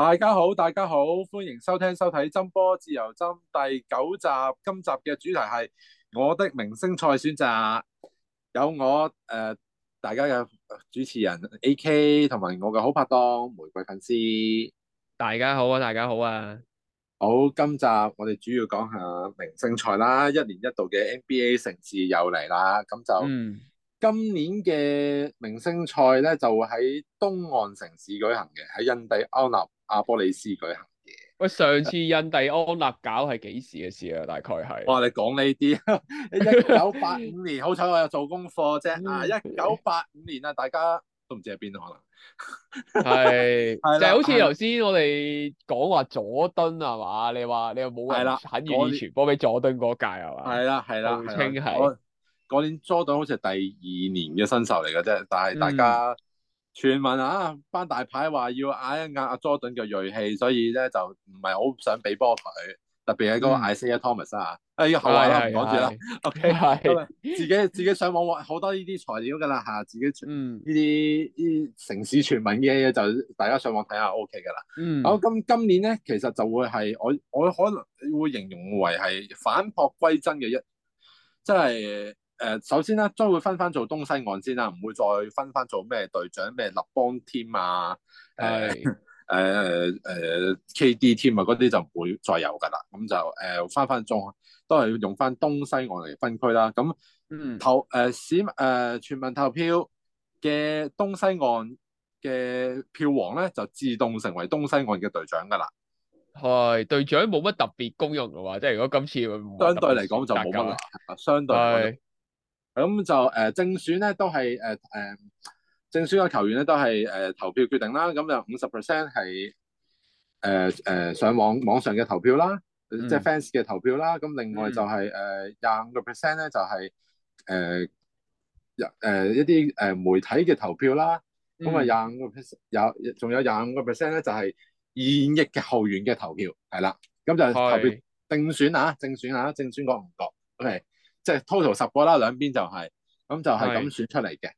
大家好，大家好，歡迎收聽收睇《Jumpball 自由斟》第九集。今集嘅主題係我的明星賽選擇，有我誒、呃，大家嘅主持人 A.K. 同埋我嘅好拍檔玫瑰粉絲。大家好啊，大家好啊，好。今集我哋主要講下明星賽啦，一年一度嘅 NBA 城市又嚟啦。咁就、嗯、今年嘅明星賽咧，就會喺東岸城市舉行嘅，喺印第安納。阿波利斯舉行嘅。喂，他上次印第安納搞係幾時嘅事啊？大概係，哇、哦，你講呢啲，一九八五年， 好彩我有做功課啫。嗯、啊，一九八五年啊，大家都唔知喺邊度可能，係，就係好似頭先我哋講話佐敦係嘛？你話你又冇人肯願意傳波俾佐敦嗰屆係嘛？係啦係啦，清係嗰年佐敦好似係第二年嘅新秀嚟嘅啫，但係大家、嗯。傳聞啊，班大牌話要壓一壓阿 Jordan 嘅銳氣，所以咧就唔係好想俾波佢，特別係嗰個 Isiah Thomas、嗯、啊，哎呀，好唔講住啦，OK，係自己自己上網搵好多呢啲材料噶啦吓，自己嗯呢啲呢城市傳聞嘅嘢就大家上網睇下，OK 噶啦，嗯，好今、哦、今年咧其實就會係我我可能會形容為係反璞歸真嘅一，即係。誒、呃，首先啦，將會分翻做東西岸先啦，唔會再分翻做咩隊長咩立邦 team 啊，係誒誒 K D team 啊，嗰啲就唔會再有噶啦。咁就誒翻翻中，都係要用翻東西岸嚟分區啦。咁、嗯、投誒市誒全民投票嘅東西岸嘅票王咧，就自動成為東西岸嘅隊長噶啦。係隊長冇乜特別功用嘅話，即係如果今次架架相對嚟講就冇乜啦相對。是咁就誒、呃、正選咧，都係誒誒正選嘅球員咧，都係誒、呃、投票決定啦。咁就五十 percent 係誒誒上網網上嘅投票啦，嗯、即係 fans 嘅投票啦。咁另外就係誒廿五個 percent 咧，就係誒誒一啲誒、呃、媒體嘅投票啦。咁啊廿五個 percent 有仲有廿五個 percent 咧，就係、是、現役嘅球員嘅投票，係啦。咁就投票是定選啊，正選啊，正選講唔個，OK。即係 total 十個啦，兩邊就係、是、咁就係咁選出嚟嘅。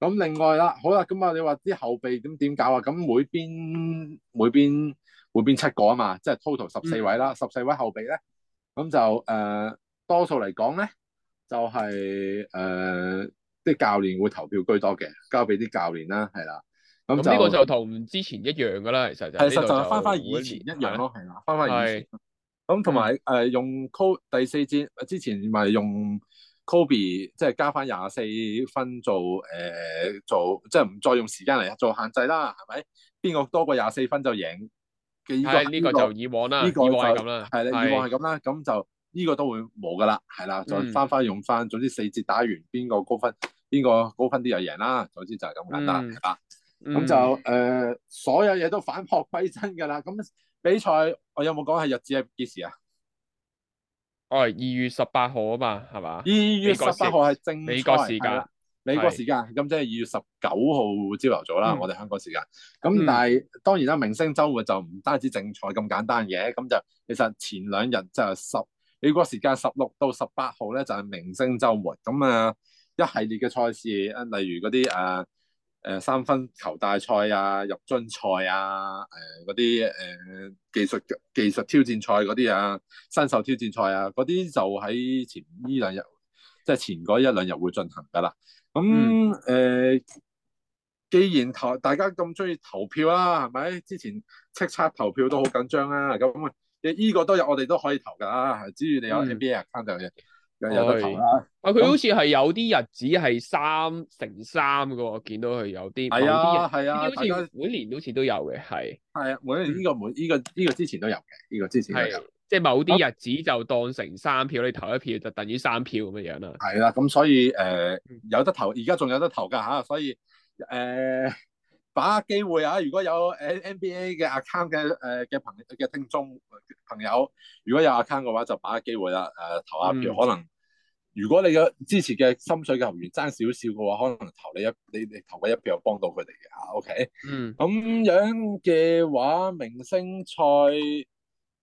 咁是另外啦，好啦，咁啊，你話啲後備咁點搞啊？咁每邊每邊每邊七個啊嘛，即係 total 十四位啦。十四、嗯、位後備咧，咁就誒、呃、多數嚟講咧，就係誒啲教練會投票居多嘅，交俾啲教練啦，係啦。咁呢個就同之前一樣㗎啦，其實就係。係的，就實在翻翻以前一樣咯，係啦，翻翻的以前。咁同埋誒用 Ko 第四節之前咪用 Kobe 即係加翻廿四分做誒、呃、做即係唔再用時間嚟做限制啦，係咪邊個多過廿四分就贏嘅，呢個呢、呢個就以往啦呢、呢個、個就係啦，係啦，以往係咁啦，咁是就呢個都會冇㗎啦，係啦，再翻翻用翻，總之四節打完邊個高分邊個高分啲就贏啦，總之就係咁簡單啦。嗯咁、嗯、就誒、呃，所有嘢都反璞歸真噶啦。咁比賽，我有冇講係日子係幾時啊？係二、哦、月十八號啊嘛，係嘛？二月十八號係正賽美國時間。美國時間咁的即係二月十九號朝頭早啦，嗯、我哋香港時間。咁但係、嗯、當然啦，明星週末就唔單止正賽咁簡單嘅。咁就其實前兩日即係十美國時間十六到十八號咧，就係、是、明星週末。咁啊一系列嘅賽事，啊例如嗰啲誒。啊啊誒、呃，三分球大賽啊，入樽賽啊，誒、呃，嗰啲誒技術技術挑戰賽嗰啲啊，新手挑戰賽啊，嗰啲就喺前呢兩日，即係前嗰一兩日會進行噶啦。咁誒、呃，既然投大家咁中意投票啦，啊，係咪？之前叱咤投票都好緊張啦，咁啊，呢個都有，我哋都可以投噶啦，啊，只要你有 NBA account 嘅。嗯有得投啊！啊，佢好似係有啲日子係三成三噶，我見到佢有啲係啊，係啊，好似每年好似都有嘅，係係啊，是每年呢、這個每呢、嗯這個呢、這個之前都有嘅，呢、這個之前都有，即係、啊就是、某啲日子就當成三票，啊、你投一票就等於三票咁樣樣啦。係啦、啊，咁所以誒、呃、有得投，而家仲有得投噶吓、啊，所以誒。呃把握機會啊！如果有誒 NBA 嘅 account 嘅誒嘅、呃、朋嘅聽眾、呃、朋友，如果有 account 嘅話，就把握機會啦、啊！誒、呃、投一票，嗯、可能如果你嘅支持嘅心水嘅球員爭少少嘅話，可能投你一你你投佢一票，又幫到佢哋嘅。O、okay? K，嗯，咁樣嘅話，明星賽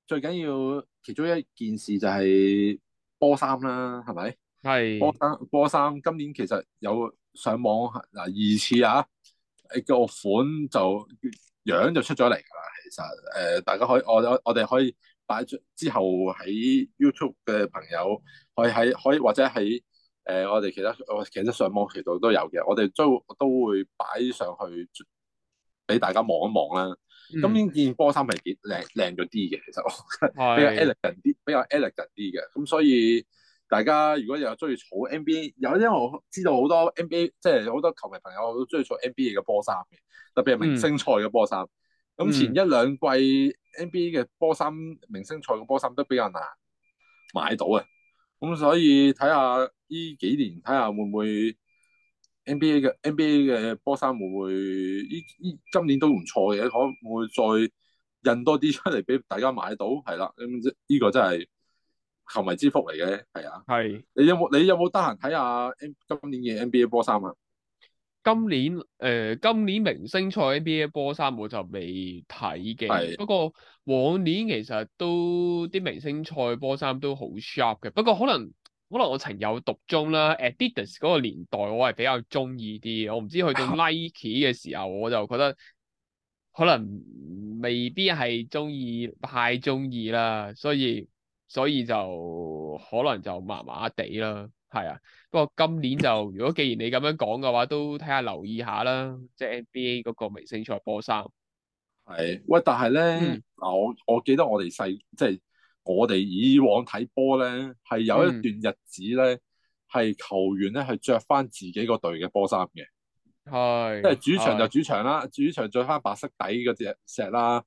最緊要其中一件事就係波衫啦，係咪？係是波衫波衫，今年其實有上網嗱二次啊！個款就樣就出咗嚟㗎啦，其實誒、呃、大家可以我我哋可以擺出之後，喺 YouTube 嘅朋友可以喺可以或者喺誒、呃、我哋其他我其他上網渠道都有嘅，我哋都都會擺上去俾大家望、嗯、一望啦。咁呢件波衫係幾靚靚咗啲嘅，其實是比較 elegant 啲，比較 elegant 啲嘅，咁所以。大家如果有鍾意儲 NBA，有因為我知道好多 NBA，即係好多球迷朋友都鍾意儲 NBA 嘅波衫嘅，特別係明星賽嘅波衫。咁、嗯、前一兩季、嗯、NBA 嘅波衫、明星賽嘅波衫都比較難買到啊。咁所以睇下呢幾年，睇下會唔會 NBA 嘅 NBA 嘅波衫會唔會呢？今年都唔錯嘅，可唔可以再印多啲出嚟俾大家買到？係啦，咁即呢個真係。球迷之福嚟嘅，係啊，係的。你有冇你有冇得閒睇下今年嘅 NBA 波衫啊？今年誒、呃，今年明星賽 NBA 波衫我就未睇嘅。的不過往年其實都啲明星賽波衫都好 sharp 嘅。不過可能可能我情有獨鍾啦。Adidas 嗰個年代我係比較中意啲，我唔知去到 Nike 嘅時候，我就覺得可能未必係中意太中意啦，所以。所以就可能就麻麻地啦，係啊。不過今年就如果既然你咁樣講嘅話，都睇下留意下啦。即、就、係、是、NBA 嗰個明星賽波衫。係喂，但係咧嗱，嗯、我我記得我哋細即係我哋以往睇波咧，係有一段日子咧係、嗯、球員咧係着返自己個隊嘅波衫嘅。係是，即係主場就主場啦的，主場着返白色底嗰隻石啦。誒、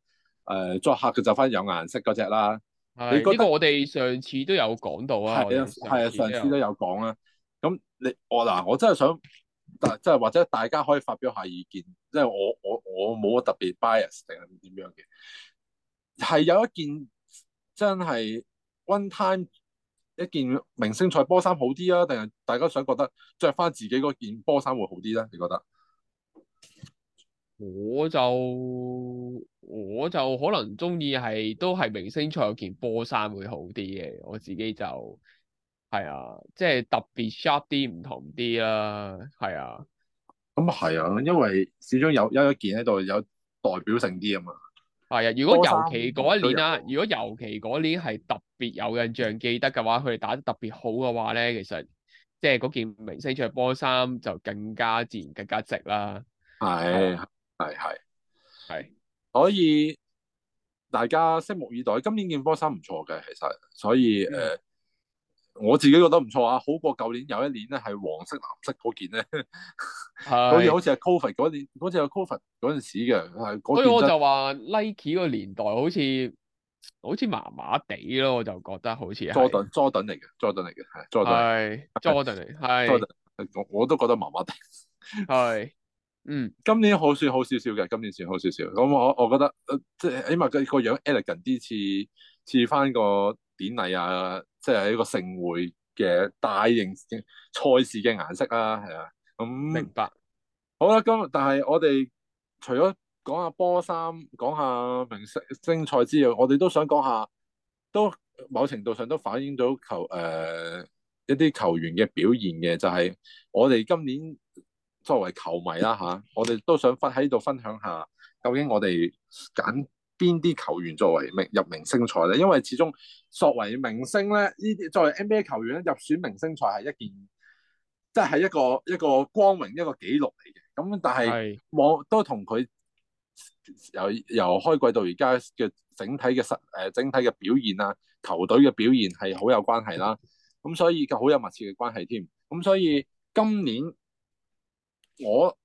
呃，作客就著返有顏色嗰隻啦。你覺得個我哋上次都有講到啊，係啊，上次都有講啦。咁你我嗱，我真係想，但即係或者大家可以發表下意見，即係我我我冇乜特別 bias 定係點樣嘅。係有一件真係 one time 一件明星賽波衫好啲啊，定係大家想覺得着翻自己件波衫會好啲咧，啊？你覺得？我就我就可能中意係都係明星賽有件波衫會好啲嘅，我自己就係啊，即係特別 sharp 啲唔同啲啦，係啊。咁啊係啊，因為始終有有一件喺度有代表性啲啊嘛。係啊，如果波衫 尤其嗰一年啊，有如果尤其嗰年係特別有印象記得嘅話，佢哋打得特別好嘅話咧，其實即係嗰件明星賽波衫就更加自然更加值啦。係、啊。係係係，是是所以大家拭目以待。今年件波衫唔錯嘅，其實所以誒，嗯 uh, 我自己覺得唔錯啊，好過舊年有一年咧係黃色藍色嗰件咧， 是 件好似好似係 Covid 嗰年，好似係 Covid 嗰陣時嘅，所以我就話 Nike 個年代好似好似麻麻地咯，我就覺得好似。Jordan 嚟嘅 Jordan 嚟嘅係，Jordan 係 Jordan 嚟，係，我都覺得麻麻地，係 。嗯，今年好算好少少嘅，今年算好少少。咁、嗯、我我覺得，誒、呃，即、就、係、是、起碼佢個樣 elegant 啲，似似翻個典禮啊，即、就、係、是、一個盛會嘅大型賽事嘅顏色啦，係啊。咁、嗯、明白。好啦，今日。但係我哋除咗講下波衫，講下明星賽之外，我哋都想講下，都某程度上都反映到球誒、呃、一啲球員嘅表現嘅，就係、是、我哋今年。作為球迷啦嚇、啊，我哋都想分喺度分享下，究竟我哋揀邊啲球員作為明入明星賽咧？因為始終作為明星咧，呢啲作為 NBA 球員咧，入選明星賽係一件，即係一個一個光榮一個紀錄嚟嘅。咁但係，我都同佢由由開季到而家嘅整體嘅實誒整體嘅表現啊，球隊嘅表現係好有關係啦。咁所以就好有密切嘅關係添。咁所以今年。我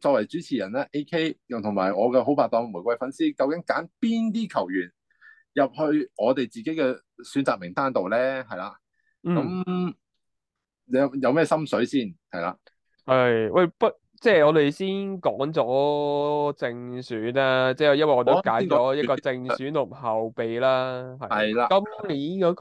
作為主持人咧，AK 又同埋我嘅好拍檔玫瑰粉絲，究竟揀邊啲球員入去我哋自己嘅選擇名單度咧？係啦，咁、嗯、你有有咩心水先？係啦，係喂不即係我哋先講咗正選啦，啊，即係因為我哋都揀咗一個正選同後備啦，係啦，的今年嗰、嗰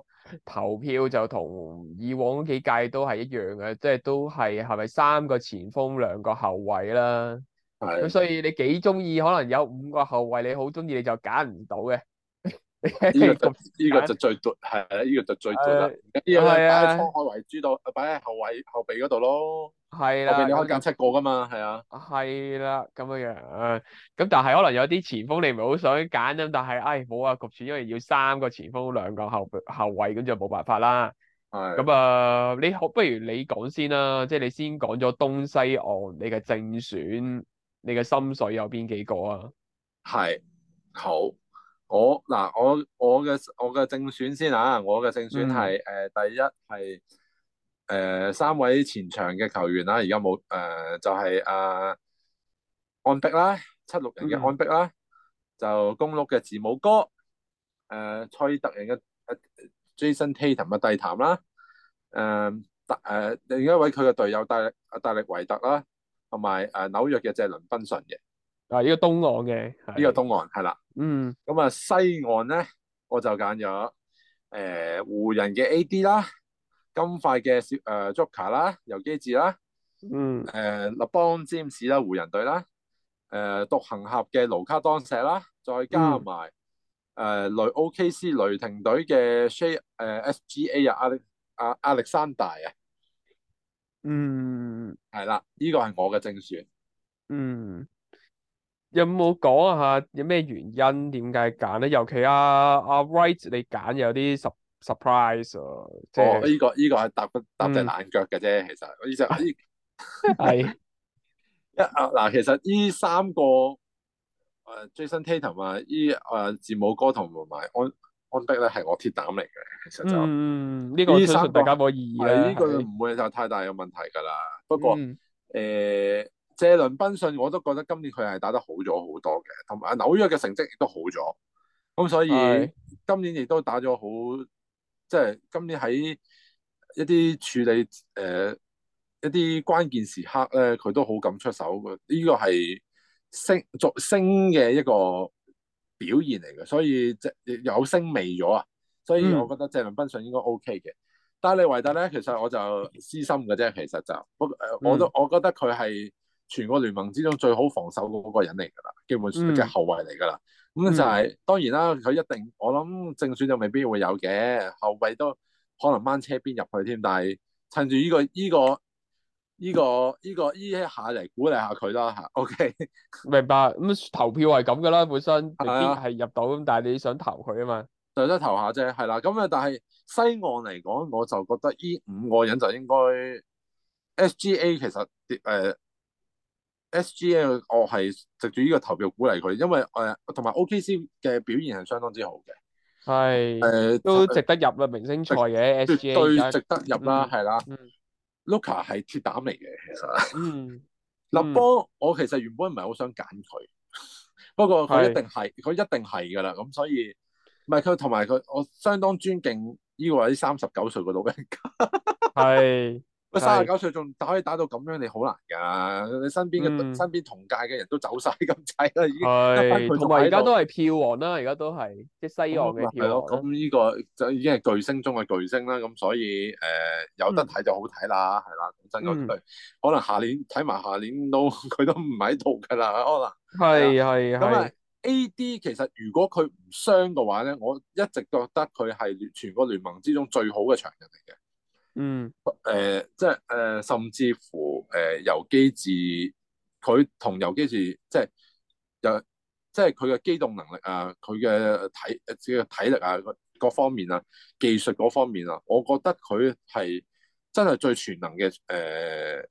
個。投票就同以往嗰幾屆都係一樣嘅，即係都係係咪三個前鋒兩個後衛啦。咁是的 所以你幾中意，可能有五個後衛，你好中意你就揀唔到嘅。呢 個，這個就最對，係啦，呢、這個就最對得。咁你擺喺滄海遺珠度，擺喺的後衛後備嗰度咯。係啦，你可以揀七個噶嘛，係啊。係啦，咁樣樣。咁但係可能有啲前鋒你唔係好想揀咁，但係，唉，冇、哎、啊，局處，因為要三個前鋒，兩個後後衛，咁就冇辦法啦。係、啊。咁啊，你好不如你講先啦，即係你先講咗東西岸，你嘅正選，你嘅心水有邊幾個啊？係。好，我嗱，我我嘅我嘅正選先啊，我嘅正選係，誒、嗯呃，第一係。誒、呃，三位前場嘅球員啦，而家冇誒，就係誒安碧啦，七六人嘅安碧啦，嗯、就公鹿嘅字母哥，誒、呃，賽爾特人嘅 Jason Tatum 嘅蒂談啦，誒、呃，大誒另一位佢嘅隊友戴力阿戴力維特啦，同埋誒紐約嘅謝倫賓遜嘅，啊，呢、這個東岸嘅，呢個東岸係啦，嗯，咁啊、嗯、西岸咧，我就揀咗誒湖人嘅 AD 啦。金塊嘅小誒 Joker 啦，尤基治啦，嗯，誒、呃，立邦詹姆斯啦，湖人隊啦，誒、呃，獨行俠嘅盧卡當社啦，再加埋誒，雷、嗯呃、OKC、OK、雷霆隊嘅 Shai 誒、呃、SGA 啊，亞歷阿亞歷山大啊，嗯，係啦，呢個係我嘅正選，嗯，有冇講下有咩原因點解揀咧？尤其阿、啊啊、Wright 你揀有啲十。Surprise 即我呢個依個係搭骨踏隻冷腳嘅啫，其實我依隻依係一啊嗱，其實依三個誒 Jason Tatum 啊，呢依字母哥同埋安安碧咧係我鐵膽嚟嘅，其實就呢個相信大家冇異議啦，呢個唔會有太大嘅問題㗎啦。不過誒謝倫賓信我都覺得今年佢係打得好咗好多嘅，同埋紐約嘅成績亦都好咗，咁所以今年亦都打咗好。即係今年喺一啲處理誒、呃、一啲關鍵時刻咧，佢都好敢出手，呢、這個係升逐升嘅一個表現嚟嘅，所以即有星味咗啊！所以我覺得謝倫賓信應該 O K 嘅。嗯、但係李維特咧，其實我就私心嘅啫，其實就不過我，嗯、我都我覺得佢係全個聯盟之中最好防守嗰個人嚟㗎啦，基本上即係後衞嚟㗎啦。嗯咁就係當然啦，佢一定我諗正選就未必會有嘅，後備都可能掹車邊入去添，但係趁住呢、這個呢、這個呢、這個呢、這個呢、這個、一下嚟鼓勵下佢啦吓，OK 明白？咁投票係咁噶啦，本身係啊係入到，的但係你想投佢啊嘛，就得投下啫，係啦。咁啊，但係西岸嚟講，我就覺得呢五個人就應該 S G A 其實誒。呃 S.G.A. 我係藉住呢個投票鼓勵佢，因為誒同埋 O.K.C. 嘅表現係相當之好嘅，係誒、哎呃、都值得入啦，明星賽嘅 S.G.A. 對值得入啦，係啦，Luka 係鐵膽嚟嘅，其實立邦我其實原本唔係好想揀佢，不過佢一定係，佢一定係㗎啦，咁所以唔係佢同埋佢，我相當尊敬呢位三十九歲嘅老兵，三十九歲仲打可以打到咁樣，你好難噶。你身邊嘅、嗯、身邊同屆嘅人都走晒咁滯啦，已經。係是。同埋而家都係票王啦，而家都係即係西岸嘅票王。係咯、嗯，咁呢個就已經係巨星中嘅巨星啦。咁所以誒、呃、有得睇就好睇啦，係啦、嗯。講真嗰句，可能下年睇埋下年都佢都唔喺度噶啦，可能。係係是。咁啊，A D 其實如果佢唔傷嘅話咧，我一直覺得佢係全個聯盟之中最好嘅場人嚟嘅。嗯，誒、呃，即係誒、呃，甚至乎誒，尤基治佢同尤基治，即係又即係佢嘅機動能力啊，佢嘅體誒，即、呃、係體力啊，各方面啊，技術嗰方面啊，我覺得佢係真係最全能嘅誒、呃，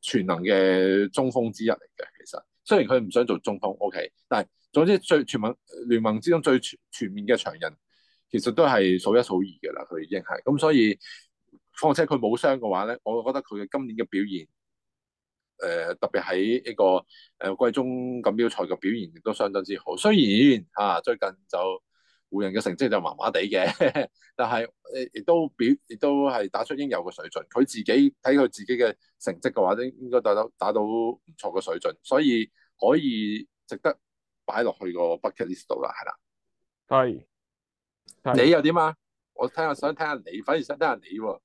全能嘅中鋒之一嚟嘅。其實雖然佢唔想做中鋒，OK，但係總之最全盟聯盟之中最全，全面嘅長人，其實都係數一數二嘅啦。佢已經係咁，所以。況且佢冇傷嘅話咧，我覺得佢嘅今年嘅表現，誒、呃、特別喺呢個誒季、呃、中錦標賽嘅表現亦都相當之好。雖然啊，最近就湖人嘅成績就麻麻地嘅，但係亦、呃、都表亦都係打出應有嘅水準。佢自己睇佢自己嘅成績嘅話咧，應該打，打到打到唔錯嘅水準，所以可以值得擺落去個 bucket list 度啦，係啦。係。你又點啊？我聽下想聽下你，反而想聽下你喎。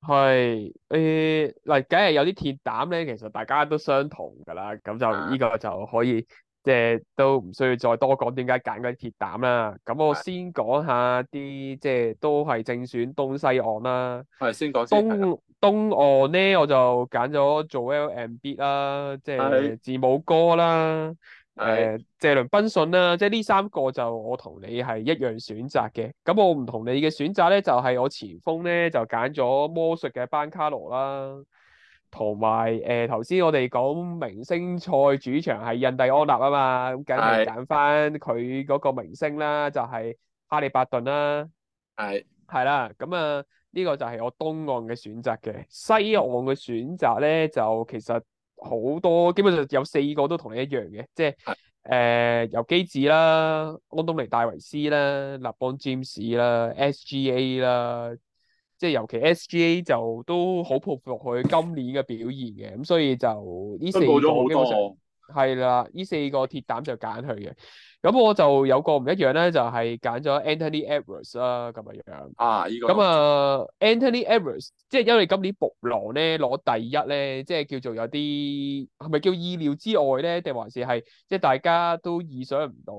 係誒嗱，梗係、欸、有啲鐵膽咧，其實大家都相同噶啦，咁就呢、啊、個就可以即係、呃、都唔需要再多講，點解揀嗰啲鐵膽啦。咁我先講下啲即係都係正選東西岸啦。係先講先。東的東岸咧，我就揀咗做 LMB a 啦，即係的字母哥啦。誒謝倫賓信啦，即係呢三個就我同你係一樣選擇嘅。咁我唔同你嘅選擇咧，就係、是、我前鋒咧就揀咗魔術嘅班卡羅啦，同埋誒頭先我哋講明星賽主場係印第安納啊嘛，咁梗係揀翻佢嗰個明星啦，就係、是、哈利伯頓啦。係係啦，咁啊呢個就係我東岸嘅選擇嘅，西岸嘅選擇咧就其實，好多，基本上有四個都同你一樣嘅，即係誒、呃，由約基治啦、安東尼戴維斯啦、立邦詹姆斯啦、SGA 啦，即係尤其 SGA 就都好佩服佢今年嘅表現嘅，咁所以就呢四個嘅，係啦，呢四個鐵膽就揀佢嘅。咁我就有個唔一樣咧，就係、是、揀咗 Anthony Edwards 啦咁樣。啊，依、這個。咁啊，Anthony Edwards，即係因為今年木狼咧攞第一咧，即係叫做有啲係咪叫意料之外咧？定還是係即係大家都意想唔到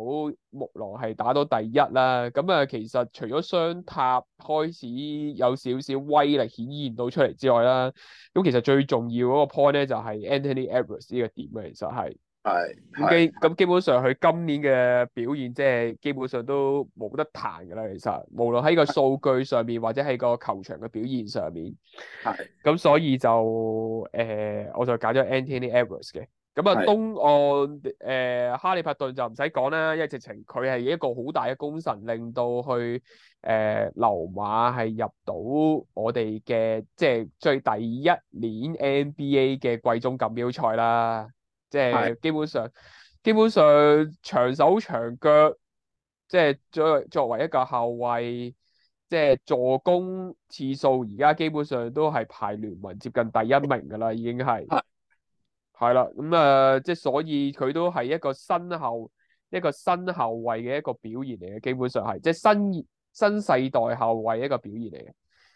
木狼係打到第一啦？咁啊，其實除咗雙塔開始有少少威力顯現到出嚟之外啦，咁其實最重要嗰個 point 咧就係 Anthony Edwards 呢個點咧，其實係。係咁基咁基本上佢今年嘅表現即係基本上都冇得彈噶啦，其實無論喺個數據上面或者喺個球場嘅表現上面，係咁是所以就誒、呃，我就揀咗 Anthony Edwards 嘅。咁啊，東岸誒、呃，哈利帕頓就唔使講啦，因為直情佢係一個好大嘅功臣，令到佢誒、呃，溜馬係入到我哋嘅即係最第一年 NBA 嘅季中錦標賽啦。即係基本上，基本上長手長腳，即係作作為一個後衛，即係助攻次數，而家基本上都係排聯盟接近第一名噶啦，已經係係啦。咁啊，即係所以佢都係一個新後一個新後衛嘅一個表現嚟嘅，基本上係即係新新世代後衛一個表現嚟嘅。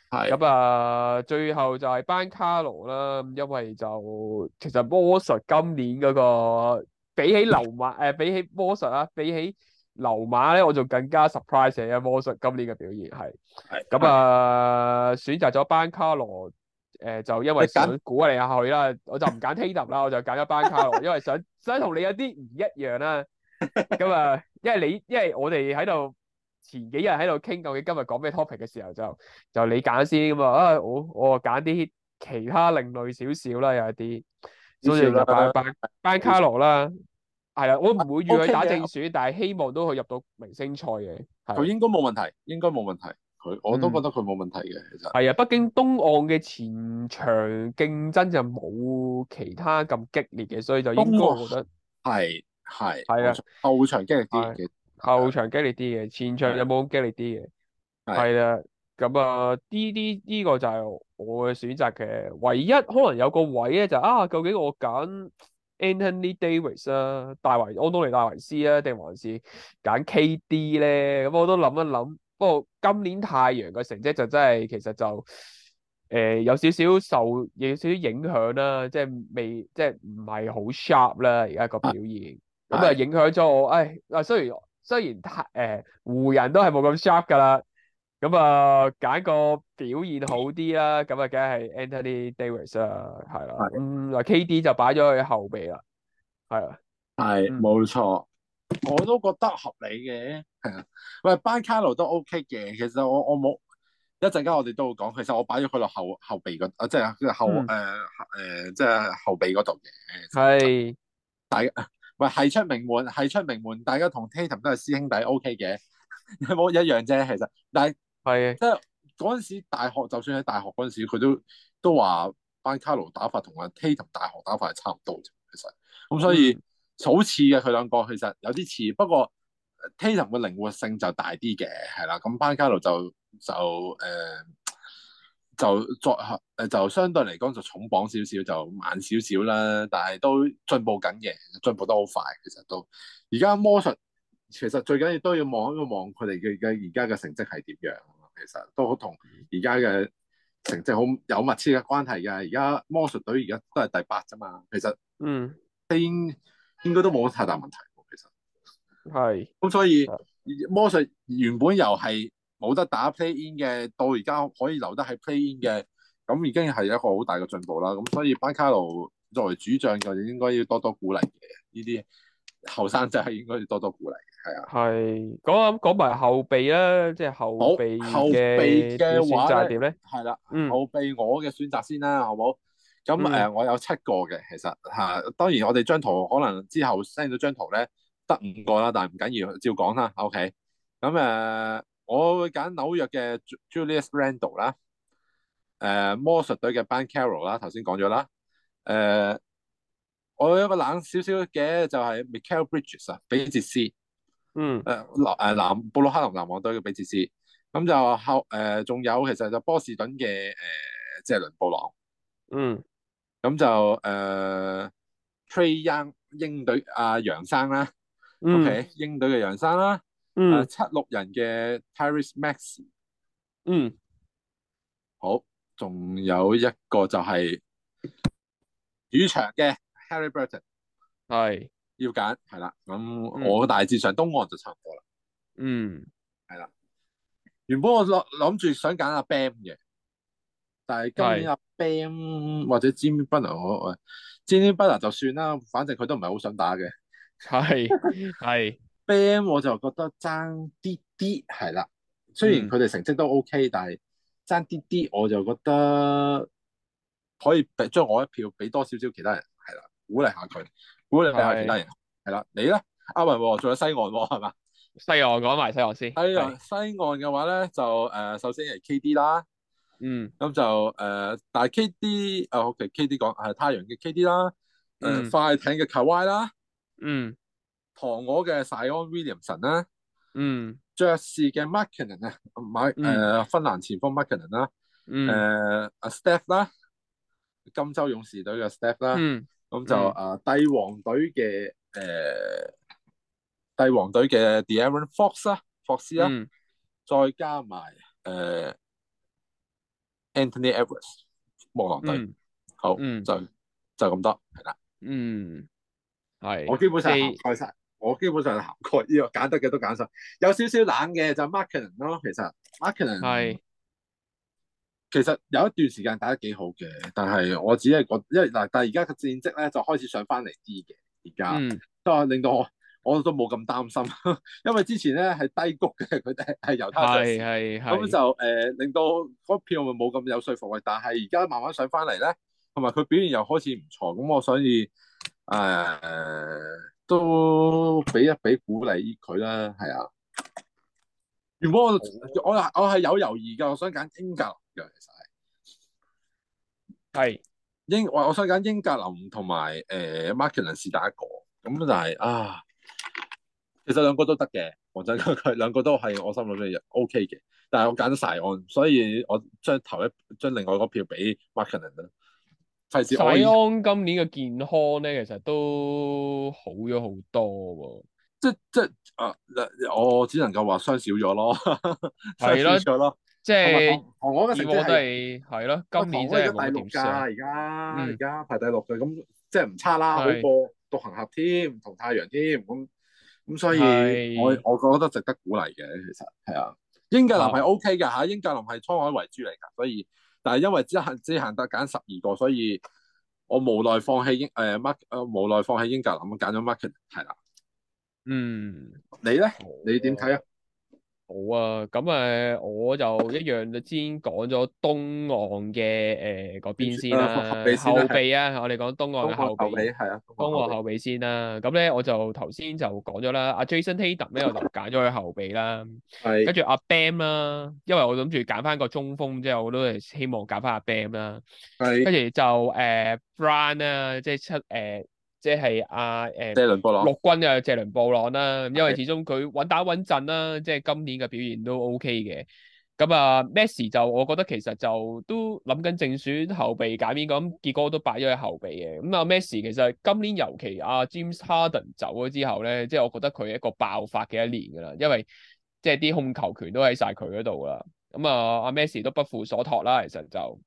係咁啊，最後就係班卡羅啦。咁因為就其實魔術今年嗰個比起溜馬誒，比起魔術啊，比起溜馬咧，我仲更加 surprise 嘅魔術今年嘅表現係。係咁啊，選擇咗班卡羅誒，就因為想鼓勵下佢啦。我就唔揀 Tatum 啦，我就揀咗班卡羅，因為想想同你有啲唔一樣啦。咁啊，因為你，因為我哋喺度。前幾日喺度傾，究竟今日講咩 topic 嘅時候就就你揀先咁啊！啊，我我揀啲其他另類少少啦，有一啲。 所以就，班班班卡羅啦，係啊，我唔會預佢打正選，但係希望都可以入到明星賽嘅。佢應該冇問題，應該冇問題。佢我都覺得佢冇問題嘅，嗯、其實係啊，北京東岸嘅前場競爭就冇其他咁激烈嘅，所以就應該我覺得係係係啊，後場激烈啲嘅。後場激烈啲嘅，前場有冇激烈啲嘅？係啦的，咁啊的，呢啲呢個就係我嘅選擇嘅。唯一可能有個位咧、就是，就啊，究竟我揀 Anthony Davis 啊，戴維安東尼戴維斯啊，定還是揀 KD 咧？咁我都諗一諗。不過今年太陽嘅成績就真係其實就誒、呃、有少少受有少少影響啦、啊，即、就、係、是、未即係唔係好 sharp 啦，而、就、家、是啊、個表現咁啊，的就影響咗我。唉，嗱雖然。雖然太、呃、湖人都係冇咁 sharp 㗎啦，咁啊揀個表現好啲啦，咁啊，梗係 Anthony Davis 啦，係啦的。嗯，嗱，KD 就擺咗佢後備啦，係啊，係冇錯。嗯、我都覺得合理嘅，係啊。喂，班卡路都 OK 嘅，其實我我冇，一陣間我哋都會講，其實我擺咗佢落後後備嗰，啊即係後誒誒、嗯呃、即係後備嗰度嘅。係，係。唔係出名門係出名門，大家同 Tatum 都係師兄弟，OK 嘅， 有冇一樣啫？的其實，但係係即係嗰陣時大學，就算喺大學嗰陣時，佢都都話班卡奴打法同阿 Tatum 大學打法係差唔多啫。其實咁所以好似嘅佢兩個，其實有啲似，不過 Tatum 嘅靈活性就大啲嘅，係啦。咁班卡奴就就誒。就呃就作嚇，誒就相對嚟講就重磅少少，就慢少少啦。但係都進步緊嘅，進步得好快。其實都而家魔術其實最緊要都要望一望佢哋嘅而家嘅成績係點樣。其實都好同而家嘅成績好有密切嘅關係嘅。而家魔術隊而家都係第八啫嘛。其實嗯，應應該都冇太大問題。其實係咁，是所以魔術原本又係，冇得打 play in 嘅，到而家可以留得喺 play in 嘅，咁已經係一個好大嘅進步啦。咁所以班卡羅作為主將就應該要多多鼓勵嘅，呢啲後生仔應該要多多鼓勵，係啊。係講講埋後備啦，即係後備嘅選擇點咧？係啦，後備、嗯、我嘅選擇先啦，好冇？咁誒、嗯呃，我有七個嘅，其實吓、啊，當然我哋張圖可能之後 send 咗張圖咧，得五個啦，但係唔緊要，照講啦，OK。咁誒。呃我會揀紐約嘅 Julius Randle 啦、呃，誒魔術隊嘅 Banchero 啦，頭先講咗啦。誒，我有一個冷少少嘅就係 Mikal Bridges 啊，比捷斯，嗯，誒誒南布魯克林籃網隊嘅比捷斯。咁就後誒仲、呃、有其實就波士頓嘅誒謝倫布朗，嗯，咁就誒、呃、Trae Young 鷹隊阿楊、啊、生啦、嗯，O.K. 鷹隊嘅楊生啦。嗯，七六人嘅 Tyrese Maxey，嗯，好，仲有一個就係主場嘅 Harry Burton，係是，要揀係啦，咁我大致上東岸就差唔多啦，嗯，係啦，原本我諗諗住想揀阿 Bam 嘅，但係今年阿 Bam 或者 Jimmy b Jimmy Butler，我 Jimmy Butler 就算啦，反正佢都唔係好想打嘅，係係。 b a n 我就覺得爭啲啲係啦，雖然佢哋成績都 OK，但係爭啲啲我就覺得可以將我一票俾多少少其他人係啦，鼓勵下佢，的鼓勵下其他人係啦。你咧，阿雲仲有西岸係嘛？西岸講埋西岸先。的的西岸西岸嘅話咧就誒、呃，首先係 KD 啦，嗯，咁就誒，但係 KD 誒，其實 KD 講係太陽嘅 KD 啦，誒、呃，嗯、快艇嘅 Kawaii 啦，嗯。糖我嘅 Zion Williamson 啦、啊、嗯、爵士嘅 Markkanen 啊，唔係，誒、芬蘭前鋒 Markkanen 啦，誒、阿 Steph 啦，金州勇士隊嘅 Steph 啦、啊、咁、嗯、就誒、嗯、帝王隊嘅，誒、帝王隊嘅 D'Aaron Fox 啦，Fox 啦，再加埋，誒、呃、Anthony Edwards 木狼隊、嗯、好就就嗯就就咁多係啦，嗯，係我基本上開晒我基本上行過呢、這個揀得嘅都揀晒，有少少冷嘅就 Markkanen 咯。其實 Markkanen 係，erin, 是其實有一段時間打得幾好嘅，但係我只係覺得，因為嗱，但係而家嘅戰績咧就開始上翻嚟，啲嘅。而家都係令到我我都冇咁擔心， 因為之前咧係低谷嘅，佢哋係由低係咁就誒、呃、令到嗰票咪冇咁有說服力。但係而家慢慢上翻嚟咧，同埋佢表現又開始唔錯，咁我所以誒。呃呃呃都俾一俾鼓勵佢啦，係啊。如果我我我係有猶豫嘅，我想揀英格林嘅，其實係的英我我想揀英格林同埋誒馬凱倫是第一個，咁就係啊，其實兩個都得嘅，王振軍佢兩個都係我心裏邊 OK 嘅，但係我揀晒案，所以我將投一將另外個票俾馬凱倫啦。錫安今年嘅健康咧，其實都好咗好多喎、啊。即即啊、呃，我只能夠話傷少咗咯。係咯，咗咯了。即係我國嘅成果都係係咯。今年真係第六架，而家而家排第六嘅，咁即係唔差啦，是好過獨行俠添，同太陽添。咁咁，所以我是我覺得值得鼓勵嘅。其實係、OK、啊，英格蘭係 OK 嘅嚇，英格蘭係滄海遺珠嚟㗎，所以。但係因為只限只限得揀十二個，所以我無奈放棄英誒 mark 誒無奈放棄英格蘭，咁揀咗 market 係啦。嗯，你咧？你點睇啊？好啊，咁啊，我就一樣講，就、欸、先講咗東岸嘅誒嗰邊先啦。後備啊，我哋講東岸嘅後備係啊，啊的東岸後備先啦、啊。咁咧我就頭先就講咗啦，Jason 阿 Jason Tatum 咧、啊、我就揀咗佢後備啦，係。跟住阿 Bam 啦，因為我諗住揀翻個中鋒、啊的欸啊，即係我都係希望揀翻阿 Bam 啦，係、欸。跟住就誒，Brown 啦，即係七誒。即係阿誒，綠軍啊，呃、謝倫布朗啦、啊，因為始終佢穩打穩陣啦、啊，即係今年嘅表現都 O K 嘅。咁啊 Maxey 就我覺得其實就都諗緊正選後備揀邊個咁，結果都擺咗喺後備嘅。咁啊 Maxey 其實今年尤其阿、啊、James Harden 走咗之後咧，即係我覺得佢係一個爆發嘅一年㗎啦，因為即係啲控球權都喺晒佢嗰度啦。咁啊，阿 Maxey 都不負所託啦，其實就。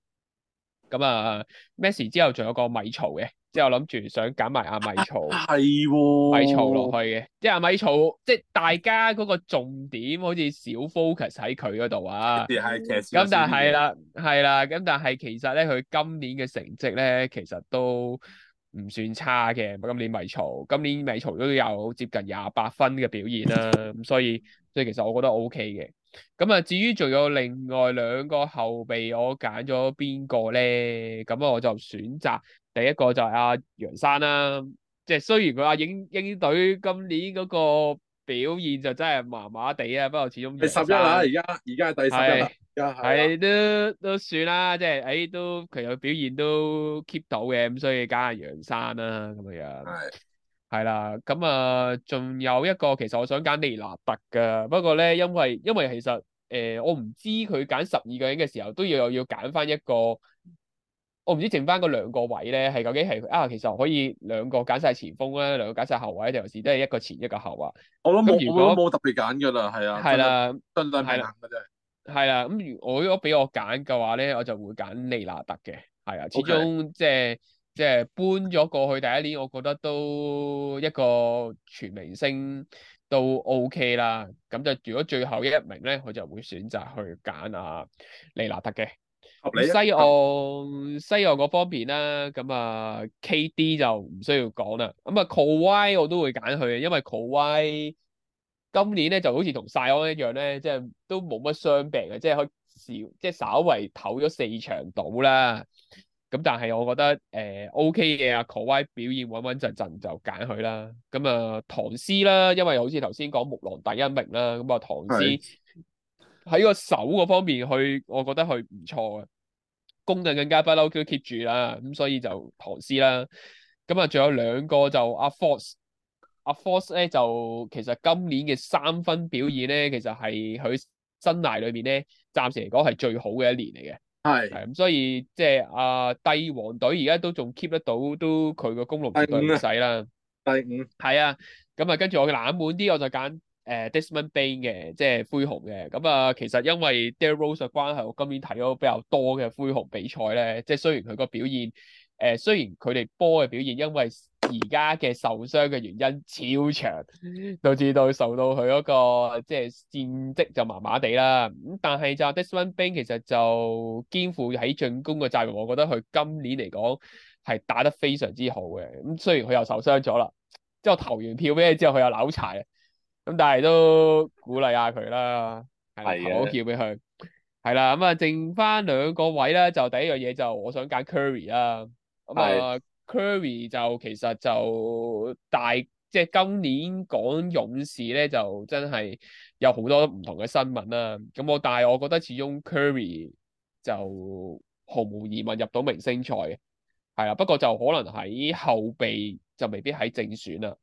咁啊 messy、嗯、之後仲有個米曹嘅，即係我諗住想揀埋阿米曹，係 米曹落去嘅，即係阿米曹，即係大家嗰個重點好似少 focus 喺佢嗰度啊。咁、 嗯、但係係 啦，係啦，咁但係其實咧，佢今年嘅成績咧，其實都唔算差嘅。今年米曹，今年米曹都有接近廿八分嘅表現啦、啊，咁 所以即係其實我覺得 O K 嘅。咁啊，至於仲有另外兩個後備，我揀咗邊個咧？咁我就選擇第一個就係阿楊生啦，即係雖然佢阿鷹鷹隊今年嗰個表現就真係麻麻地啊，不過始終係十一啦，而家而家係第四，係是、啊、都都算啦，即係誒、哎、都其實表現都 keep 到嘅，咁所以揀阿楊生啦，咁樣。係啦，咁啊，仲、嗯、有一個，其實我想揀利拿特噶，不過咧，因為因為其實誒、呃，我唔知佢揀十二個人嘅時候都要要揀翻一個，我唔知剩翻個兩個位咧，係究竟係啊，其實我可以兩個揀晒前鋒啦，兩個揀晒後位，定係即係一個前一個後啊？我諗如果冇特別揀噶啦，係啊，係啦的，係啦，真係係啦，咁如如果俾我揀嘅話咧，我就會揀利拿特嘅，係啊，始終 Okay. 即係。即係搬咗過去，第一年我覺得都一個全明星都 OK 啦。咁就如果最後一名咧，佢就會選擇去揀阿利納特嘅。西岸西岸嗰方面啦，咁啊 KD 就唔需要講啦。咁啊 Kawhi 我都會揀佢，因為 Kawhi 今年咧就好似同晒安一樣咧，即係都冇乜傷病嘅，即係可少即係稍微唞咗四場到啦。咁但係我覺得誒 O K 嘅阿 Coy 表現穩穩陣陣，就揀佢啦。咁、嗯、啊唐斯啦，因為好似頭先講木狼第一名啦，咁、嗯、啊唐斯喺個守嗰方面去，我覺得佢唔錯啊，攻勁更加不嬲都 keep 住啦。咁、嗯、所以就唐斯啦。咁啊仲有兩個就阿 Fox，阿 Fox 咧就其實今年嘅三分表現咧，其實係佢生涯裏面咧，暫時嚟講係最好嘅一年嚟嘅。係係咁，所以即係阿帝王隊而家都仲 keep 得到，都佢個功勞絕對唔使啦。第五，係啊，咁啊，跟住我嘅冷門啲，我就揀誒、呃、Desmond Bain 嘅，即係灰熊嘅。咁、嗯、啊，其實因為 Daryl Rose 嘅關係，我今年睇咗比較多嘅灰熊比賽咧，即係雖然佢個表現。誒，雖然佢哋波嘅表現，因為而家嘅受傷嘅原因超長，導致到受到佢嗰、嗰個即係、即係、戰績就麻麻地啦。咁但係就 Desmond Bane 其實就肩負喺進攻嘅責任，我覺得佢今年嚟講係打得非常之好嘅。咁雖然佢又受傷咗啦，之後投完票俾你之後佢又扭柴，咁但係都鼓勵下佢啦，的投票俾佢係啦。咁啊，剩翻兩個位咧，就第一樣嘢就我想揀 Curry 啦。咁啊的，Curry 就其實就大，即係今年講勇士咧，就真係有好多唔同嘅新聞啦。咁我但係我覺得始終 Curry 就毫無疑問入到明星賽嘅，係啦。不過就可能喺後備就未必喺正選啦。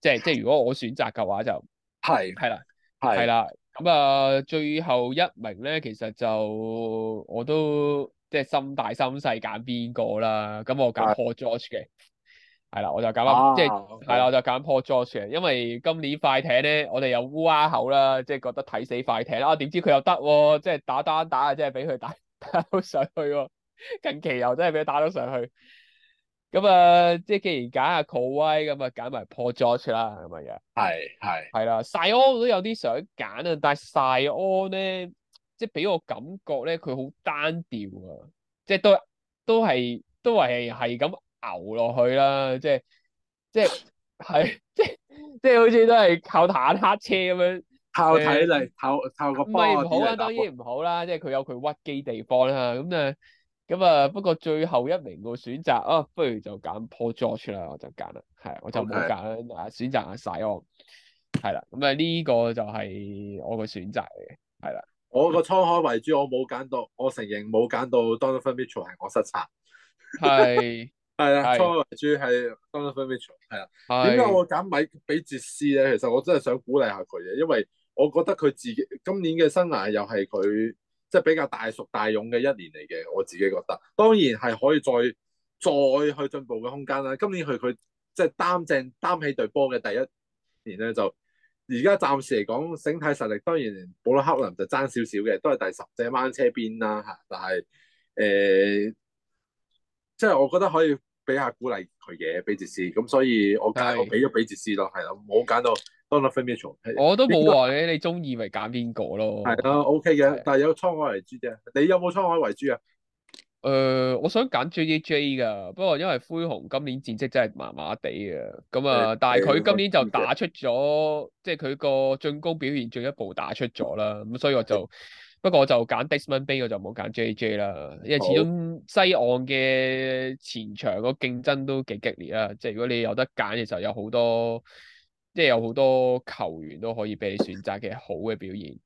即係即係如果我選擇嘅話就，就係係啦，係啦。咁啊，最後一名咧，其實就我都，即係心大心細揀邊個啦，咁我揀 Paul George 嘅，係啦的，我就揀啦。啊、即係係啦，我就揀 Paul George 嘅！因為今年快艇咧，我哋有烏鴉口啦，即係覺得睇死快艇啦，點、啊、知佢又得，即係打單打啊，即係俾佢打打到上去、啊。近期又真係俾佢打到上去。咁啊，即係既然揀阿 Kawhi，咁啊揀埋 Paul George 啦咁嘅樣。係係係啦，Zion 都有啲想揀啊，但係 Zion 咧。即俾我感覺咧，佢好單調啊！即都都係都係係咁熬落去啦！即即係即即好似都係靠坦克車咁樣，靠體力、呃，靠靠個波，唔係唔好啊，當然唔好啦！球即佢有佢屈機地方啦。咁啊咁啊，不過最後一名個選擇啊，不如就揀 Paul George 啦，我就揀啦，係，我就冇揀啊，選擇阿洗我係啦。咁啊，呢、這個就係我個選擇嚟嘅，係啦。我個滄海遺珠，我冇揀到，我承認冇揀到 Donovan Mitchell 係我失策是 的，係係啦，滄海遺珠係 Donovan Mitchell 係啊。點解我揀米俾哲思咧？其實我真係想鼓勵下佢嘅，因為我覺得佢自己今年嘅生涯又係佢即係比較大熟大勇嘅一年嚟嘅，我自己覺得，當然係可以再再去進步嘅空間啦。今年去，佢即係擔正擔起隊波嘅第一年咧，就。而家暫時嚟講，整體實力當然布魯克林就爭少少嘅，都係第十隻掹車邊啦嚇。但係誒，即、呃、係、就是、我覺得可以俾下鼓勵佢嘅俾傑斯，咁所以我揀是我俾咗俾傑斯咯，係啦，我揀到 Donald 我都冇話，你你中意咪揀邊個咯？係啊 ，OK 嘅，的但係有滄海遺珠啫。你有冇滄海遺珠啊？誒、呃，我想揀 J J 噶，不過因為灰熊今年戰績真係麻麻地嘅。咁啊，但係佢今年就打出咗，即係佢個進攻表現進一步打出咗啦。咁所以我就的不過我就揀 Desmond Bane，我就冇揀 J J 啦，因為始終西岸嘅前場個競爭都幾激烈啦。即係如果你有得揀嘅時候有，就是、有好多即係有好多球員都可以俾你選擇嘅好嘅表現。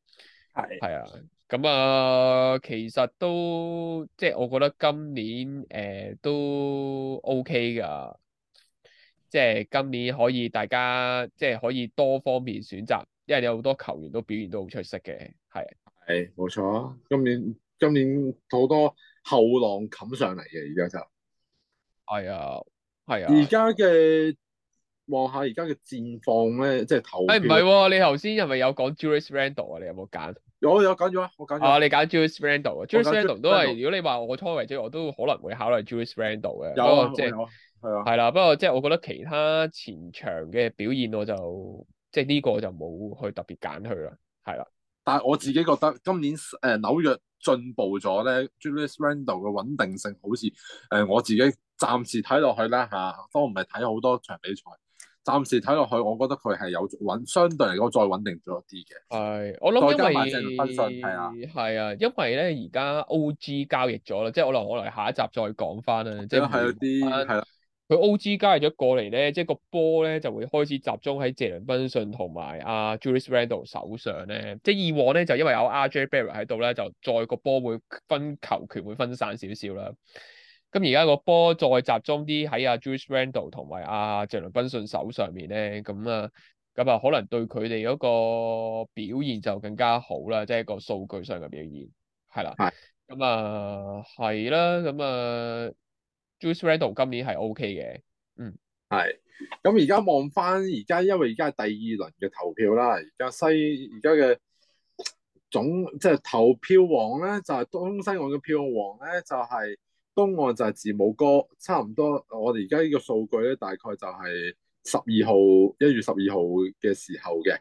係係的啊。咁啊、嗯，其實都即係我覺得今年誒、呃、都 OK 㗎，即係今年可以大家即係可以多方面選擇，因為有好多球員都表現都好出色嘅，係。係冇錯啊！今年今年好多後浪冚上嚟嘅，而家就係啊，係啊、哎。而家嘅望下而家嘅戰況咧，即係投誒，唔係、欸啊、你頭先係咪有講 Julius Randle 啊？你有冇揀？有有揀咗啊！我揀咗啊！你揀 Julius Randle 啊 Julius Randle 都係，如果你話我倉位即係我都可能會考慮 Julius Randle 嘅有。就是、有係啊，係啦、啊。不過即係我覺得其他前場嘅表現，我就即係呢個就冇去特別揀佢啦。係啦、啊，但係我自己覺得今年誒紐約進步咗咧 Julius Randle 嘅穩定性好似誒、呃、我自己暫時睇落去啦吓、啊，都唔係睇好多場比賽。暫時睇落去，我覺得佢係有穩，相對嚟講再穩定咗啲嘅。係，我諗因為係啊，係啊，因為咧而家 O.G. 交易咗啦，即係我嚟我嚟下一集再講翻啦。即係啊，啲係啦。佢、啊啊、O.G. 交易咗過嚟咧，即係個波咧就會開始集中喺謝倫賓信同埋、啊、阿 Julius Randle 手上咧。即係以往咧就因為有 R.J. Barrett 喺度咧，就再個波會分球權會分散少少啦。咁而家個波再集中啲喺阿 Juice Randle 同埋阿謝倫賓信手上面咧，咁啊，咁啊，可能對佢哋嗰個表現就更加好啦，即係一個數據上嘅表現，係啦，咁啊係，係啦，咁啊，Juice Randle 今年係 OK 嘅，嗯，係。咁而家望翻，而家因為而家係第二輪嘅投票啦，而家西而家嘅總即係投票王咧，就係東西岸嘅票王咧，就係。東岸就係字母哥，差唔多。我哋而家呢個數據咧，大概就係十二號一月十二號嘅時候嘅，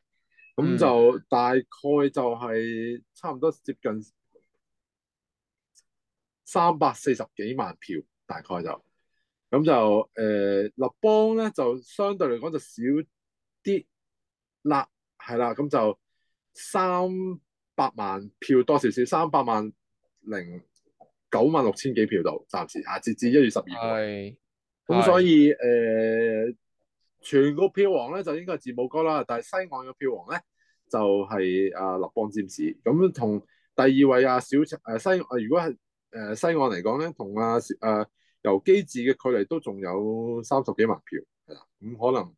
咁就大概就係差唔多接近三百四十幾萬票，大概就咁就誒、呃、立邦咧，就相對嚟講就少啲啦，係啦，咁就三百萬票多少少，三百萬零九萬六千幾票度，暫時嚇，截至一月十二號。咁是所以誒的、呃，全國票王咧就應該係字母哥啦，但係西岸嘅票王咧就係、是、啊立邦占士。咁同第二位啊小誒、啊、西誒、啊，如果係誒、啊、西岸嚟講咧，同啊誒由基治嘅距離都仲有三十幾萬票，係啦，咁、嗯、可能。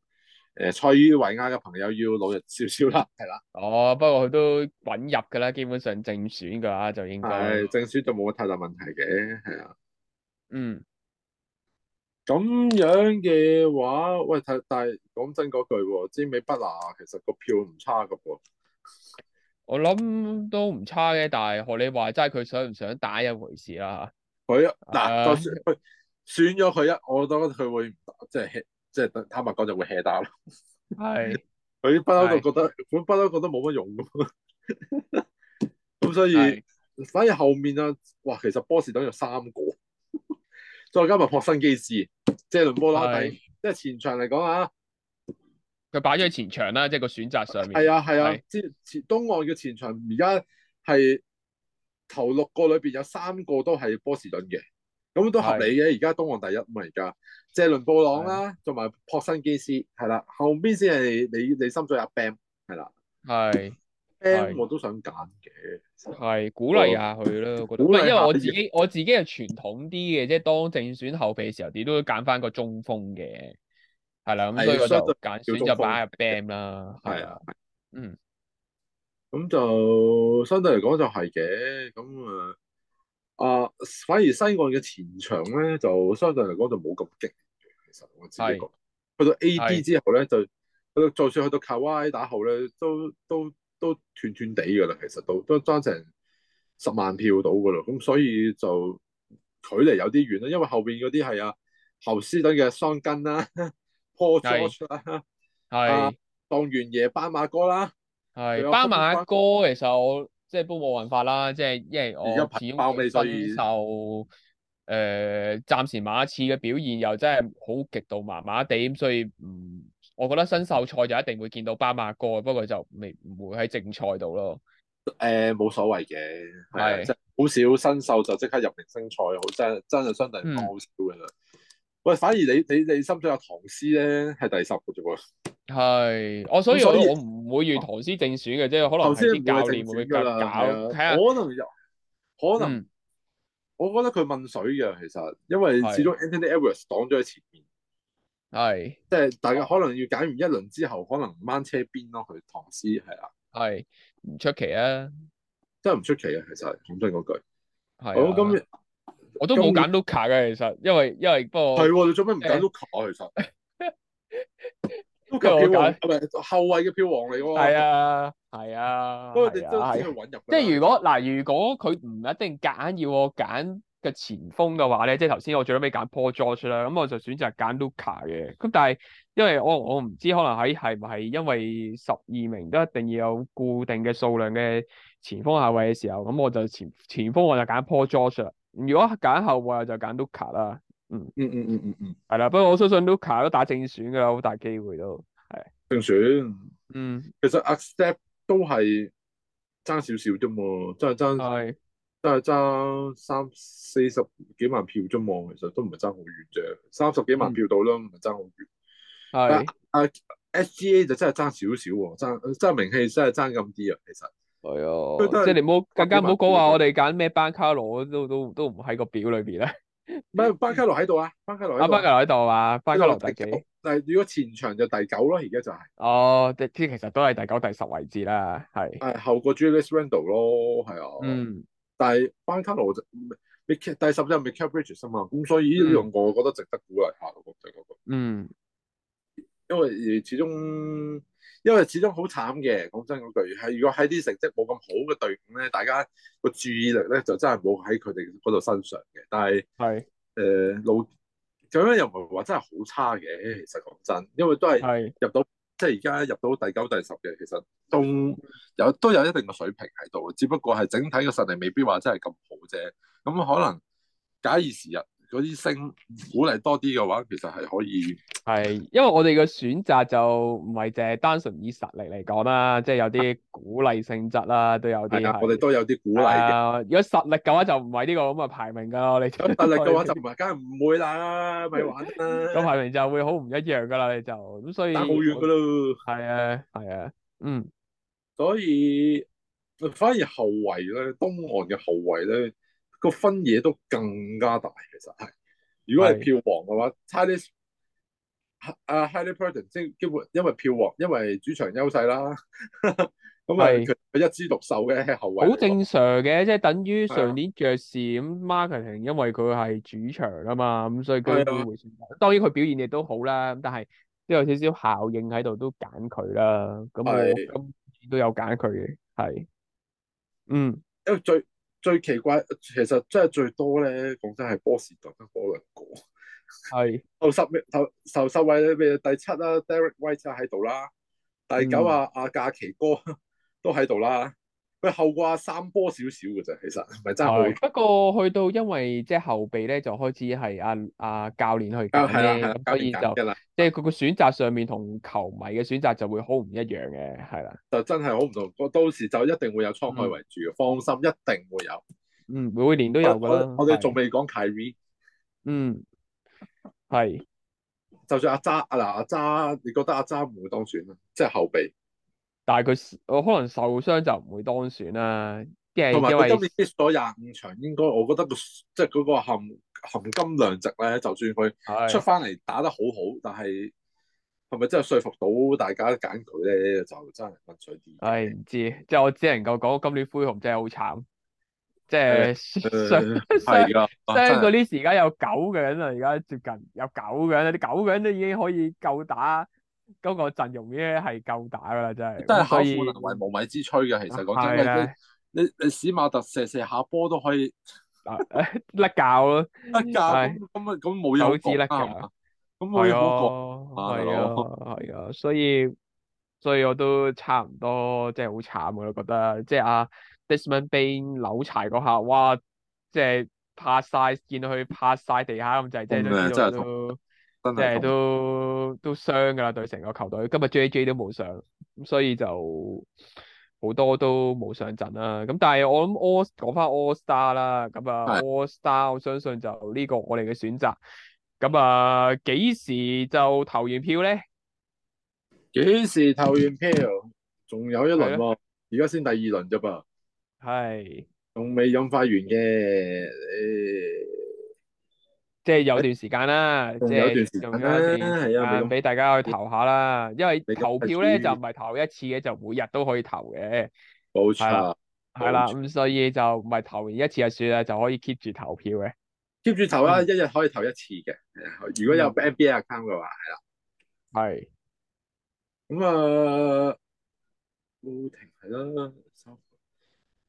誒，塞爾維亞嘅朋友要努力少少啦，係啦。 哦，不過佢都滾入噶啦，基本上正選嘅話就應該係正選就冇乜太大問題嘅，係啊。嗯，咁樣嘅話，喂，但係講真嗰句喎，占美畢拿，其實個票唔差噶噃。我諗都唔差嘅，但係學你話齋，佢想唔想打一回事他、uh, 啦。佢嗱，就算佢選咗佢一，我覺得佢會唔打，即係。即係坦白講，就會 hea 打咯。係佢不嬲， 覺得佢不嬲，是覺得冇乜用咁。咁 所以是反而後面啊，哇！其實波士頓有三個， 再加埋撲新基斯，謝倫波拉底，是即係前場嚟講啊，佢擺咗喺前場啦，即係個選擇上面。係啊係啊，即、啊啊啊、前，前，前東岸嘅前場而家係頭六個裏邊有三個都係波士頓嘅。咁都合理嘅，而家是東岸第一嘛，而家謝倫布朗啦、啊，同埋珀新基斯，係啦，後邊先係你你，你心水阿 Bam 係啦，係的 Bam 我都想揀嘅，係鼓勵下佢啦，鼓勵下因為我自己要我自己係傳統啲嘅，即係當正選後備時候你都會揀翻個中鋒嘅，係啦，咁所以覺得揀選，選，選就擺入 Bam 啦，係啊，的的嗯，咁就相對嚟講就係嘅，咁啊。啊，uh, 反而西岸嘅前場咧，就相對嚟講就冇咁激。其實我自己覺，是去到 A.D 之後咧是，就算去到再再去到卡 Y 打後咧，都都都斷斷地噶啦。其實都都爭成十萬票到噶啦。咁所以就距離有啲遠啦，因為後邊嗰啲係啊後斯等嘅雙根啦，破桌啦，係當原野斑馬哥啦，係斑是馬，馬哥其實我。即係都冇辦法啦，即係因為我始終新秀誒、呃，暫時馬刺嘅表現又真係好極度麻麻地，咁所以唔，我覺得新秀賽就一定會見到巴馬哥，不過就未唔會喺正賽度咯。誒、呃，冇所謂嘅，係即係好少新秀就即刻入明星賽，好真係真係相對講好少嘅啦。嗯、喂，反而你你你心中有唐詩咧，係第十個定喎？係，我所以我唔以會選唐斯正選嘅，啫。可能係啲教練會去教，睇下、啊、可能可能，嗯、我覺得佢問水嘅其實，因為始終 Anthony Edwards 擋咗喺前面，係是，即係大家可能要揀完一輪之後，可能掹車邊咯佢唐斯，係啊，係唔出奇啊，真係唔出奇啊，其實講真嗰句，係、啊，我今日我都冇揀 Luka 嘅，其實因為因為不過係你做咩唔揀 Luka 啊，er, 其實？ 都夠我揀，唔係後衞嘅票王嚟喎。係啊，係啊。不過你都只係揾入、啊啊。即係如果嗱，如果佢唔一定夾硬要我揀嘅前鋒嘅話咧，即係頭先我最尾揀 Paul George 啦，咁我就選擇揀 Luca 嘅。咁但係因為我我唔知可能喺係唔係因為十二名都一定要有固定嘅數量嘅前鋒後衞嘅時候，咁我就前前鋒我就揀 Paul George 啦。如果揀後衞我就揀 Luca 啦。嗯嗯嗯嗯嗯嗯，係、嗯、啦，不、嗯、過、嗯、我相信 Luka 都打正選噶啦，好大機會都係正選。嗯，其實阿 Steph 都係爭少少啫嘛，真係爭，的真係爭三四十幾萬票啫嘛，其實都唔係爭好遠啫，三十幾萬票到啦，唔係爭好遠。係啊，SGA 就真係爭少少，爭真係名氣真係爭咁啲啊，其實係啊的，即係你唔好，更加唔好講話我哋揀咩班卡羅都都都唔喺個表裏邊咧。唔係、嗯、班卡羅喺度啊，班卡羅喺度啊，班卡羅喺度啊，班卡羅第幾，但係如果前場就第九咯，而家就係、是、哦，即係其實都係第九第十位置啦，係係後個 Julius Randle 咯，係啊，嗯，但係班卡羅就未，第十就係 Mikal Bridges 嘛，咁所以呢樣我覺得值得鼓勵下咯，我哋嗰個，嗯，因為始終。因為始終好慘嘅，講真句係如果喺啲成績冇咁好嘅隊伍咧，大家個注意力咧就真係冇喺佢哋嗰度身上嘅。但係係誒路咁樣又唔係話真係好差嘅，其實講真，因為都係入到是即係而家入到第九第十嘅，其實都有都有一定嘅水平喺度，只不過係整體嘅實力未必話真係咁好啫。咁可能假以時日。嗰啲聲鼓勵多啲嘅話，其實係可以係，因為我哋嘅選擇就唔係淨係單純以實力嚟講啦，即係有啲鼓勵性質啦，都有啲我哋都有啲鼓勵嘅、呃。如果實力嘅話就、這個，就唔係呢個咁嘅排名噶咯。你實力嘅話就唔係，梗係唔會啦，咪 玩啦。咁 排名就會好唔一樣噶啦，你就咁所， 所以。好遠噶咯。係啊，係啊，嗯，所以反而後衛咧，東岸嘅後衛咧。個分野都更加大，其實係。如果係票王嘅話，Charlie，啊，Harry Potter，即係基本因為票王，因為主場優勢啦。咁咪佢一枝獨秀嘅後衞。好正常嘅，即係等於上年爵士咁，marketing 因為佢係主場啊嘛，咁所以佢會選。的當然佢表現亦都好啦，咁但係都有少少效應喺度，都揀佢啦。咁我今次都有揀佢嘅，係。嗯，因為最。最奇怪，其實真係最多咧，講真係波士頓波兩哥。係後是十,十位，後後十位咧，咪第七啦 Derek White 都喺度啦，第九啊，阿、嗯啊、假期哥都喺度啦。.佢後掛三波少少嘅啫，其實唔係真好。不過去到因為即係後備咧，就開始係阿阿教練去、啊、教練，係係教練就嘅啦。即係佢個選擇上面同球迷嘅選擇就會好唔一樣嘅，係啦。就真係好唔同，到時就一定會有滄海遺珠嘅，嗯、放心一定會有。嗯，每年都有噶啦。我哋仲未講 Kyrie。嗯，係。就算阿渣嗱阿，阿渣，你覺得阿渣唔會當選啊？即係後備。但係佢我可能受傷就唔會當選啦、啊。即係同埋佢今年咗廿五場，應該我覺得、個即係嗰個含含金量值咧，就算佢出翻嚟打得好好，但係係咪真係說服到大家揀佢咧？就真係屈水啲。係、哎、唔知，即係我只能夠講今年灰熊真係好慘，即係傷傷嗰啲時間有九個人啊，而家接近有九個人，啲九個人都已經可以夠打。嗰個陣容咧，係夠打噶啦，真係。真係巧婦難為無米之炊嘅，其實講真嘅，你你史馬特射射下波都可以甩教咯，甩教咁咁啊咁冇有？手指甩教，咁冇有好講？係啊係啊係啊，所以所以我都差唔多，即係好慘啊！我覺得，即係阿 Desmond Bane 扭柴嗰下，哇！即係拍晒，見到佢拍晒地下咁滯，真係真係。即係都都傷噶啦，對成個球隊。今日 J J 都冇上，咁所以就好多都冇上陣啦。咁但係我諗 All 講翻 All Star 啦，咁啊 All Star，我相信就呢個我哋嘅選擇。咁啊的，幾時就投完票咧？幾時投完票？仲有一輪喎，啊，而家先第二輪啫噃。係仲未印發完嘅。哎即係有段時間啦，的即係段時間有啲啊，俾的大家去投下啦。美國 因為投票咧的就唔係投一次嘅，就每日都可以投嘅。冇錯，係啦的。咁錯所以就唔係投完一次就算啦，就可以 keep 住投票嘅。keep 住投啦，嗯、一日可以投一次嘅。如果有 NBA account 嘅話，係啦，係的。咁啊，冇停，係囉，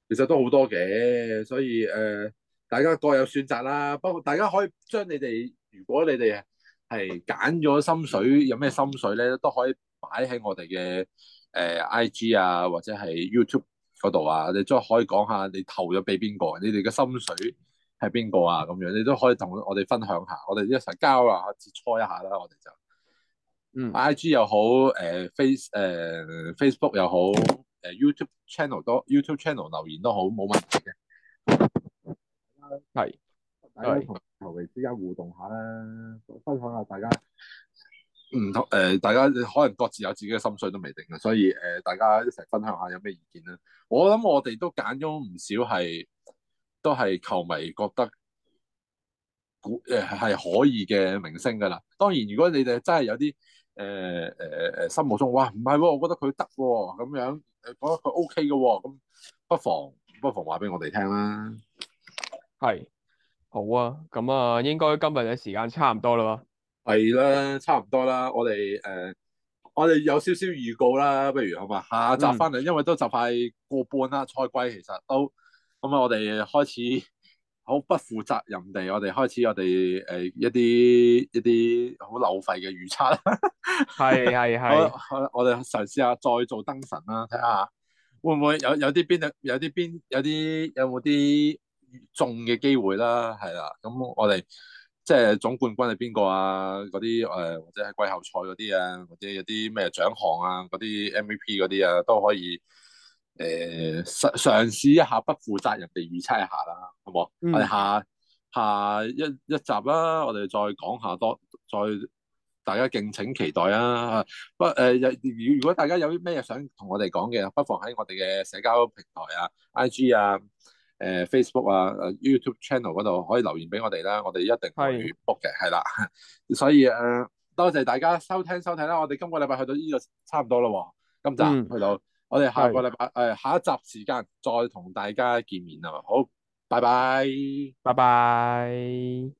其實都好多嘅，所以誒。Uh, 大家各有選擇啦，不過大家可以將你哋，如果你哋係揀咗心水，有咩心水咧，都可以擺喺我哋嘅誒、呃、I G 啊，或者係 YouTube 嗰度啊，你你你啊，你都可以講下你投咗俾邊個，你哋嘅心水係邊個啊？咁樣你都可以同我哋分享下，我哋一齊交啊，切磋一下啦。我哋就嗯 I G 又好，誒、呃、Face 誒、呃、Facebook 又好，誒、呃、YouTube channel 都 YouTube, YouTube channel 留言都好，冇問題嘅。係，是大家同球迷之間互動下啦，的分享下大家唔同，誒、呃，大家可能各自有自己嘅心水都未定嘅，所以誒、呃，大家一齊分享下有咩意見啦。我諗我哋都揀咗唔少係，都係球迷覺得估誒係可以嘅明星噶啦。當然，如果你哋真係有啲誒誒誒心目中，哇，唔係喎，我覺得佢得咁樣，誒、呃，覺得佢 OK 嘅、哦，咁不妨不妨話俾我哋聽啦。係，好啊，咁、嗯、啊，應該今日嘅時間差唔多啦，係啦，差唔多啦，我哋誒、呃，我哋有少少預告啦，不如好嘛，下集翻嚟，嗯、因為都就快過半啦，賽季其實都，咁、嗯、啊，我哋開始好不負責任地，我哋開始我哋誒、呃、一啲一啲 好流費嘅預測，係係係，好啦，我我我哋嘗試下再做燈神啦，睇下會唔會有有啲邊有啲邊有啲有冇啲。中嘅機會啦，係啦，咁我哋即係總冠軍係邊個啊？嗰啲誒或者係季後賽嗰啲啊，或者有啲咩獎項啊，嗰啲 MVP 嗰啲啊，都可以誒嘗嘗試一下不負責任地預測一下啦，好唔好？嗯、我哋下下一一集啦、啊，我哋再講下多，再大家敬請期待啊！啊不誒，如、呃、如果大家有啲咩想同我哋講嘅，不妨喺我哋嘅社交平台啊、IG 啊。誒、uh，Facebook 啊，YouTube channel 嗰度可以留言俾我哋啦，的我哋一定會覆嘅，係啦。 所以誒、呃，多謝大家收聽收睇啦，我哋今個禮拜去到呢度差唔多啦，哦，今集去到，嗯、我哋下個禮拜誒的、哎、下一集時間再同大家見面啊，好，拜拜，拜拜。